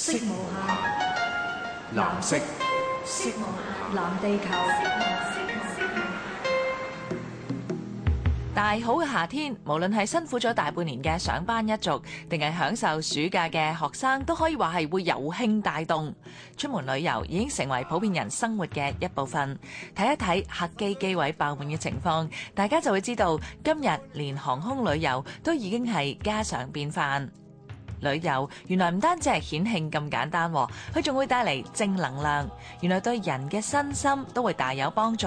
色無限，藍色，藍地球。大好嘅夏天，無論係辛苦咗大半年嘅上班一族，定係享受暑假嘅學生，都可以話係會由興帶動出門旅遊，已經成為普遍人生活嘅一部分。睇一睇客機機位爆滿嘅情況，大家就會知道，今日連航空旅遊都已經係家常便飯。旅遊原來唔單止係顯慶咁簡單，佢仲會帶嚟正能量。原來對人嘅身心都會大有幫助。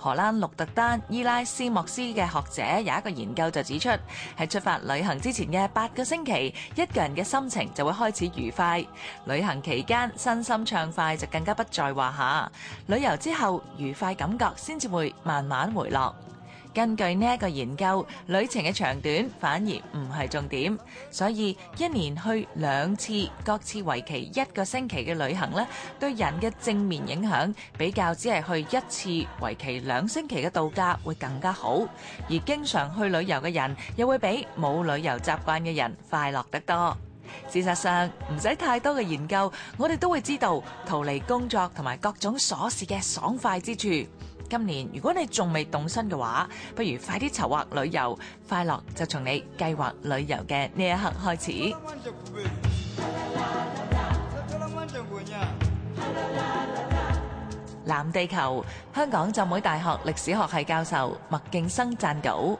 荷蘭鹿特丹伊拉斯莫斯嘅學者有一個研究就指出，喺出發旅行之前嘅八個星期，一個人嘅心情就會開始愉快。旅行期間身心暢快就更加不在話下。旅遊之後愉快感覺先至會慢慢回落。根據呢個研究，旅程嘅長短反而唔係重點，所以一年去兩次，各次為期一個星期嘅旅行呢，對人嘅正面影響比較只係去一次為期兩星期嘅度假會更加好，而經常去旅遊嘅人，又會比冇旅遊今年如果你仲未動身嘅話，不如快啲籌劃旅遊。快樂就從你計劃旅遊嘅呢一刻開始。藍地球，香港浸會大學歷史學系教授麥勁生贊稿。